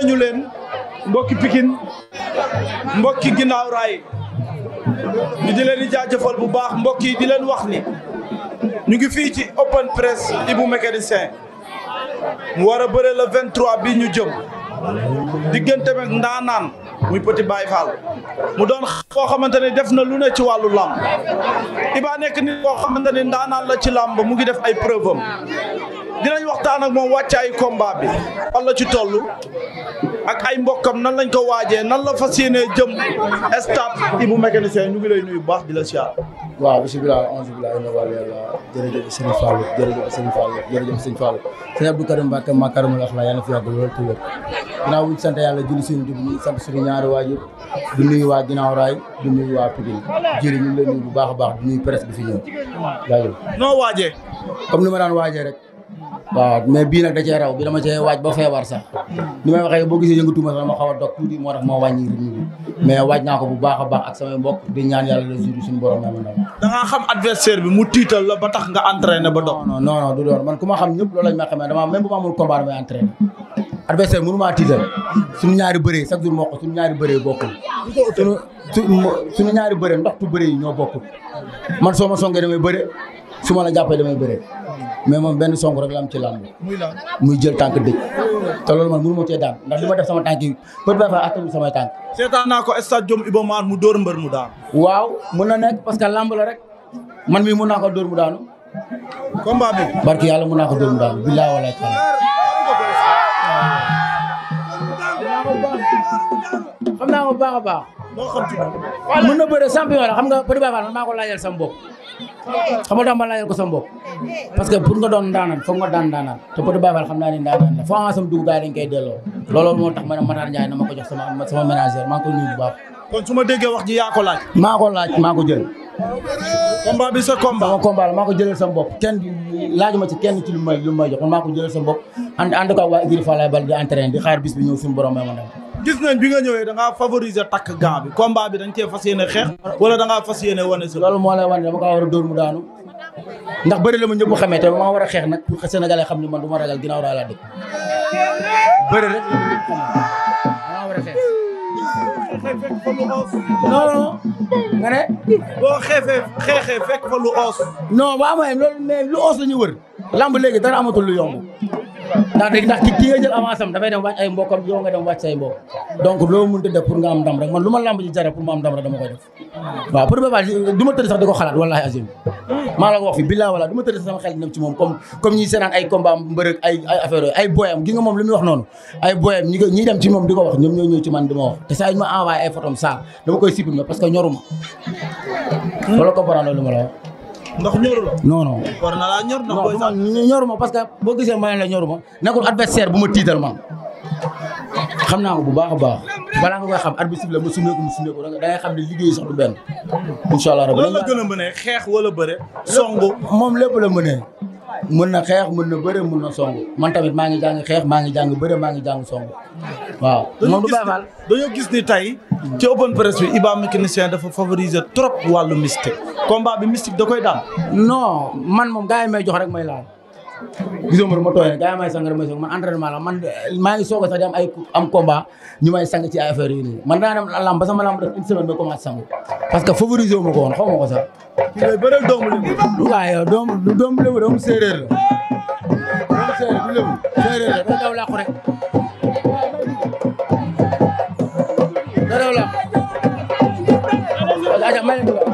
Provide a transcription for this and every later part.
nañu leen mbokki Pikine mbokki ginnaaw raay ñu di leen jaajëfal bu baax mbokk yi di leen wax ni ñu ngi fii ci open press Ibou mécanicien mu war a bëre le bi ñu jëm diggante ak ndaanaan muy Petit Baye Fall mu doon koo xamante ne def na lu ne ci wàllu làmb Iba nekk nit loo xamante ne ndaanaan la ci làmb mu ngi def ay preuve dinañ waxtaan ak moom wàccaayu combat bi fan la ci toll ak ay mbokkam nan lañ ko waajee nan la fas yéenee jëm stade Ibou mécanicien ñu ngi lay nuyu baax di la siyaar. waa bisimilah onze billah inna wàllu yàlla jërëjëf sëñ Fallou jërëjëf sëñ Fallou jërëjëf sëñ Fallou sëñ Abdou Karim Mbacke Makarimul Axlaa yàlla fi yàgg lool te wér ginnaaw bu ñu sant yàlla julli suñu dib ñu sant ñaari waajur di nuyu waa ginnaaw raay di nuyu waa Pikine jëri ñu ngi lay bu baax a baax di nuyu presse bi fi ñëw jaajëf waajee comme ni ma daan waajee rek waaw mais bii nag da cee raw bi dama cee waaj ba feebar sax ni may waxee boo gisee yëngatuma a dog tuuti moo tax moo wàññi mais waaj bu baax a baax ak samay mbokk di ñaan yàlla le jour suñu borom ma ndam da ngaa xam bi mu tiital la ba tax nga entraîné ba dog non non man ku ma xam ñëpp loolu lañ ma xamee dama même bu ma amul combat damay entraîné adversaire mënu maa tiital suñu ñaari bëree chaque jour moo ko suñu ñaari bëree su suñu ñaari bëree ndox tu bëree ñoo bokkul man soo ma songee damay bëre su ma la jàppee damay bëree mais moom benn song rek la am ci làmb muy jël tànk dëj te loolu man mënu ma cee daan ndax li ma def sama tànk yi peut être fa attanul samay tànk seetaan naa ko stade Iba Mar mu dóor mbër mu daan waaw mën na nekk parce que làmb la rek man mii mu naa ko dóor mu daanu combat bi barki yàlla naa ko dóor mu daanu billaahi walaay taala xam naa ko baax a baax moo xam ci mën na bëre champion la xam nga Petit Baye Fall man maa ko laajal sama bopp xam nga dama laajal ko sama bopp parce que pour nga doon ndaanaan foog nga daan ndaanaan te Petit Baye Fall xam naa ne ndaanaan la foo am sama dugub daal dañ koy delloo loolu moo tax ma ne Matar Ndiaye na ma ko jox sama sama ménagère maa ngi ko nuyu bu baax kon su ma déggee wax ji yaa ko laaj maa ko laaj maa ko jël combat bi sa combat sama combat la maa ko jëlal sama bopp kenn laajuma ci kenn ci lu may lu may jox man maa ko jëlal sama bopp en en tout cas waa Idrissa Fall Balde di entraîné di xaar bis bi ñëw suñu borom may ma ndam gis nañ bi nga ñëwee da ngaa favoriser takk gant bi combat bi da nga cee fas yéene xeex wala da fas yéene wane si loolu moo lay wane dama kaa war a dóor mu daanu ndax bëri la ma ñëpp xamee te maa war a xeex nag pour que sénégalais xam ni man du ma ragal ginnaaw a laa dëkk bëri rek xeex non nga ne boo xeexee xeexee fekk fa lu oos non waaw mooy mais lu oos la ñu wër lamb léegi dara amatul lu yomb ndax dégg ndax ki ki nga jël avance am dafay dem wàcc ay mbokkam yow nga dem wàcc say loo mënta def pour nga am ndam rek man lu ma lamb ji jare pour ma am ndam rek dama koy def waaw pour ba du ma tëdd sax di ko xalaat wallaahi azim maa la ko wax fi billaa wala du ma tëdd sax sama xel di nekk ci moom comme comme ñiy seenaan ay combat mbërëg ay ay ay boyam gi nga moom li muy wax noonu ay boyam ñi ñiy ci moom di ko wax ñoom ñoo ñëw ci man di ma wax te saa yu ma envoyé ay photom la ndax ñoru la non non. war ñor ndax booy ma parce que boo gisee ma ne la ñoru ma nekkul adversaire bu ma tiital ma xam naa ko bu baax a baax balaa nga koy xam arbitre bi la mu sumee ko mu sumee ko da ngay xam ne liggéey sax du benn. incha allah rabi lan la gën a xeex wala bëre. songu moom lépp la mënee. mën na xeex mën na bëre mun na songu man tamit maa ngi jàng xeex maa ngi jàng bëre maa ngi jàng songu. waaw moom du gis ni tey ci open press bi Iba mécanicien dafa favoriser trop wàllu mystique combat bi mystique da koy daan non man moom gars yi may jox rek may laal gisoo ma ma tooy rek gars yi may sang rek may sang man entraînement la man maa ngi ay am combat may sang ci affaire yi nii man dem lamb ba sama lamb def une semaine ba commencé que favoriser wu ko woon xaw ma ko sax ki doomu lébu waaw doomu doomu doomu séeréer la doomu séeréer du lébu séeréer la rek aja may kooku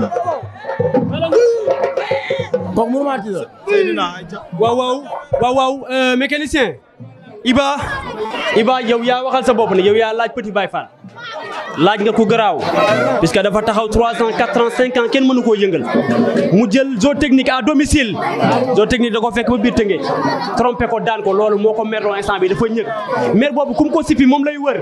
mënu maa waaw waaw Iba Iba yow yaa waxal sa bopp ne yow yaa laaj Petit Baye laaj nga ko garaaw puisque dafa taxaw 3 ans 4 ans 5 kenn mënu koo yëngal mu jël zone technique à domicile zone technique da ko fekk ba biir tënge trompé ko daan ko loolu moo ko merloo instant bi dafa ñëg mer boobu kum ko sippi moom lay wër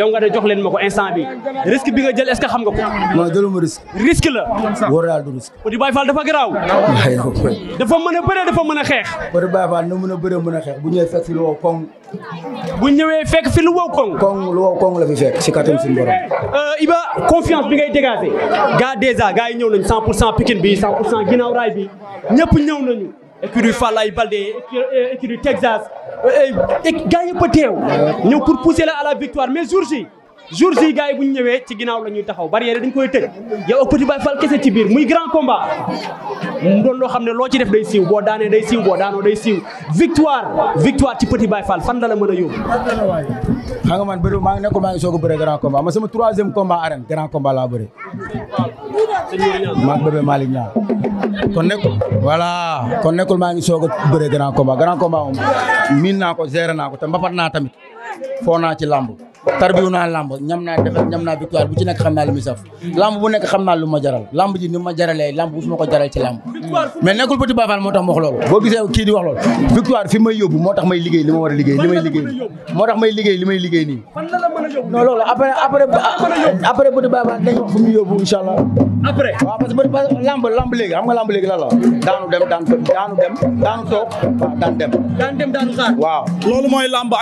yow nga ne jox leen ma ko instant bi risque bi nga jël est-ce que xam nga ko. non jëluma risque. risque la. war naa du risque. Petit Baye Fall dafa garaaw. mën a bëre dafa mën a xeex. Petit Baye Fall mën a bëre mën a xeex bu ñëwee fekk fi lu wow bu ñëwee fekk fi lu wow koŋ. koŋ lu wow koŋ la fi fekk si kattan suñu borom. Euh, Iba confiance bi ngay dégager gaa dèjà gaa yi ñëw nañu 100 pour cent Pikine bi 100 pour raay bi ñëpp ñëw nañu. écurie Falaye Baldé écurie Texas euh, gaa yëpp a teew ñëw pour pousser la à la victoire mais jour jour ji gars yi bu ñu ñëwee ci ginnaaw la ñuy taxaw barrière dañ koy tëj yow ak Petit Baye Fall kese ci biir muy grand combat mu loo xam ne loo ci def day siiw boo daanee day siiw boo daanoo day siiw victoire victoire ci Petit Baye Fall fan la la mën a yóbbu. man bëri maa ngi nekkul maa ngi soog a bëre grand combat ma sama troisième combat arène grand combat kon nekkul voilà kon nekkul maa ngi soog a bëre grand combat grand combat miin naa ko gérer naa ko te mbapat naa tamit foo naa ci làmb. tarbiwu naa làmb ñam naa defet ñam naa victoire bu ci nekk xam naa li muy saf làmb bu nekk xam naa lu ma jaral làmb ji ni ma jaralee làmb bu su ko jaral ci làmb mais nekkul Petit Baye Fall moo tax ma wax loolu boo gisee kii di wax loolu victoire fi moo tax may liggéey li ma a liggéey li moo tax may liggéey li may liggéey nii la la daanu dem daan daanu dem daanu toog waaw daan dem daan dem daanu saar waaw loolu mooy làmb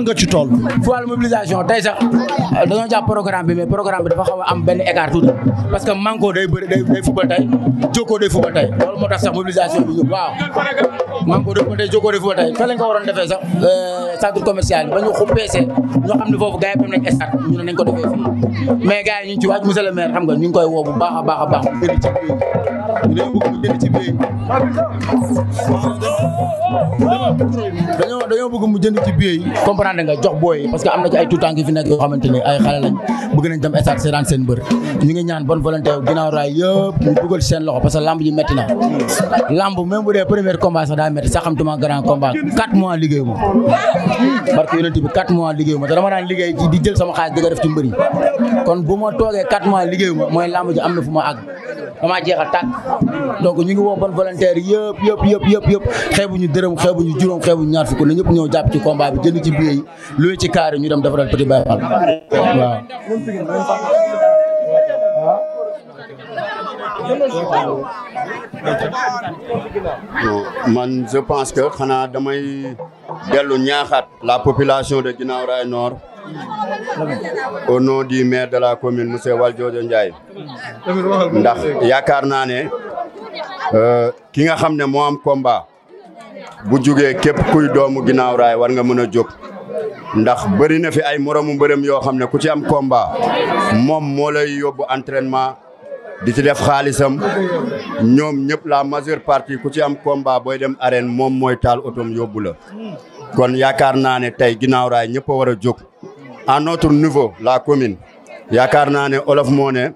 fan nga ci tool. ci wàllu mobilisation tey sax euh, dañoo jàpp programme bi mais programme bi dafa xaw a am benn écart tuuti parce que Manko day bëri day day day fubal tey loolu moo tax sax mobilisation bi ñu waaw. Manko day fubal tey Jokko day fubal tey fa lañ ko defee sax euh, centre commercial ba ñu xuppeesee ñoo xam ne foofu gars yi nekk stade ñu ne nañ defee fii mais gars yi ñu ci waaj monsieur le maire xam nga ñu ngi koy woo bu baax a baax a dañoo bëgg mu jënd ci comprendre nga jox booy parce que am na ci ay tuutànk yi fi nekk yoo xamante ay xale lañ nañ dem stade seen bër ñu ñaan bonne volonté yëpp yëpp yëpp yëpp yëpp yëpp xeebuñu dërëm xeebuñu juróom xeebuñu ñaar fukk na ñëpp ñëw jàpp ci combat bi jënd ci biir téere yi kaar yi ñu dem defaral Petit Baye Fall man je pense que xanaa damay dellu ñaaxaat la population de Guinaw Rails au nom du maire de la commune monsieur Valdiodio Ndiaye ndax yaakaar naa ne euh, ki nga xam ne moo am combat bu jugee képp kuy doomu Guinaw war nga mën a jóg ndax bëri na fi ay moromu mbërëm yoo xam ne ku ci am combat moom moo lay yóbbu entraînement di ci def xaalisam ñoom ñëpp la majeure partie ku ci am combat booy dem arène moom mooy taal otom yóbbula la kon yaakaar naa ne tey ginnaaw raay ñëpp war a jóg à notre niveau la commune yaakaar naa ne olof moo ne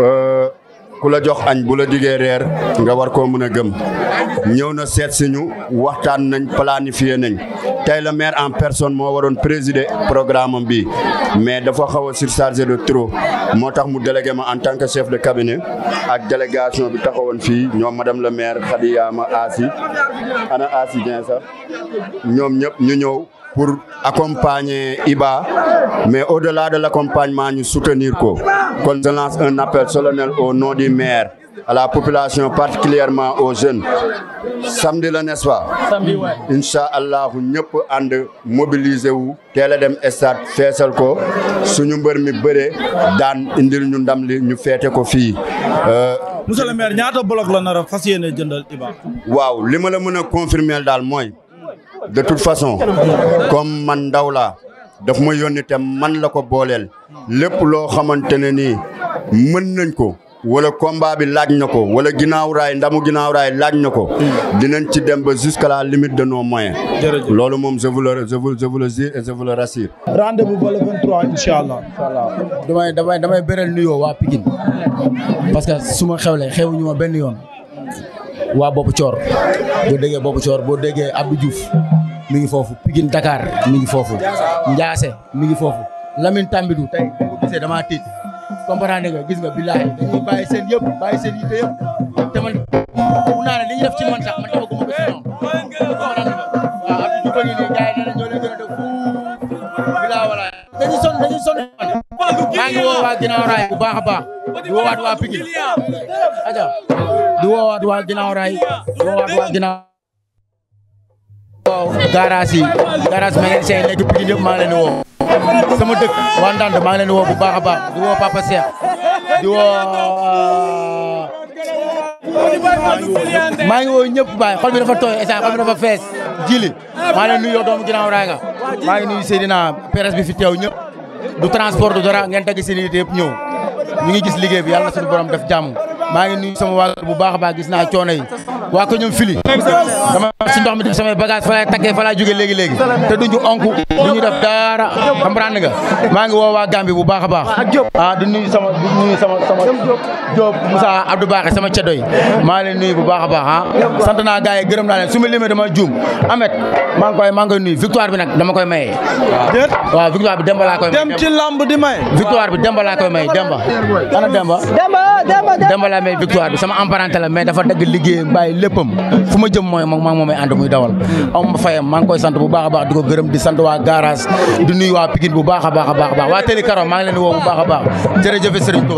euh, ku la jox añ bu la digee reer nga war koo mën a gëm ñëw na seet si ñu waxtaan nañ planifié nañ tey la maire en personne moo waroon présider programme am bi mais dafa xaw a surchargé de trop moo tax mu délégué ma en tant que chef de cabinet ak délégation bi taxawoon fii ñoom madame le maire Khadiyama Asi ana Asi Dieng sax ñoom ñëpp ñu ñëw pour accompagner Iba mais au-delà de l'accompagnement ñu soutenir ko kon je lance un appel solennel au nom du maire à la population, particulièrement aux jeunes. Samedi la n'est-ce pas Samedi waay incha allah ñëpp ànd mobiliser wu teel a dem stade feesal ko suñu mbër mi bëree daan indil ñu ndam li ñu feete ko fii. Euh, monsieur le maire la nar a jëndal Iba. waaw li ma la mën a confirmer daal mooy de toute façon comme man ndaw laa daf ma yónni man la ko booleel lépp loo xamante ne nii mën nañ ko. wala combat bi laaj na ko wala ginnaaw raay ndamu ginnaaw raay laaj na ko. Hmm. dinañ ci dem ba jusqu'à la limite de nos moyens. loolu moom je vous le je vous je vous le jure et damay damay damay beral waa Pikine parce que su ma xewlee xewuñu ma benn yoon waa Bopp Coor boo déggee Bopp Coor boo déggee ab Diouf mi ngi foofu Pikine Dakar mi ngi foofu Ndiassé mi ngi foofu Lamine Tambidou tey bu comprendre nga gis nga billaay dañuy bàyyi seen yëpp bàyyi seen yitte yëpp te man bu naa ne li man sax man defaguma ko si ñoom comprendre nga waaw Abdou Diouf a ngi nii gars yi nee na ñoo leen waa ginnaaw raay bu di waa Pikine aja di woowaat di woowaat waa ginnaaw waaw garage yi garage mécanicien yi nekk Pikine yëpp maa ngi leen woo sama dëkk waa Ndande maa ngi leen woo bu baax a baax di woo Papa Cheikh di woo ah, maa ngi woo ñëpp baay xol bi fa tooy instant xol bi dafa fees jili maa ngi leen nuyu yow doomu ginnaaw raay nga ngi nuyu Seydina presse bi fi teew ñëpp du transport du dara ngeen tagg seen unité yëpp ñëw ñu ngi gis liggéey bi yàlla na suñu borom def jàmm maa ngi nuyu sama waa bu baax a baax gis naa coono yi waa ko ñoom fili dama ndox mi def samay bagage fa laay takkee fa jóge léegi léegi te duñu onku duñu def dara comprendre nga maa ngi woo waa Gambie bu baax a baax ah du nuyu sama du nuyu sama sama Diop Moussa a Bakhe sama ceddo yi maa ngi leen nuyu bu baax a baax ah sant naa gars gërëm naa leen su ma limee dama juum Amet maa ngi koy maa ngi koy victoire bi nag dama koy maye waa victoire bi Demba laa koy dem ci lamb di may victoire bi Demba laa koy may Demba ana Demba Demba laa may victoire la mais dafa dagg liggéey léppam fu ma jëm mooy moom maa ngi moomay ànd muy dawal am ma fayam maa ngi koy sant bu baax a baax di ko gërëm di sant waa garage di waa Pikine bu baax a baax a baax waa Télé Karo maa ngi leen di woo bu baax a baax jërëjëf Serigne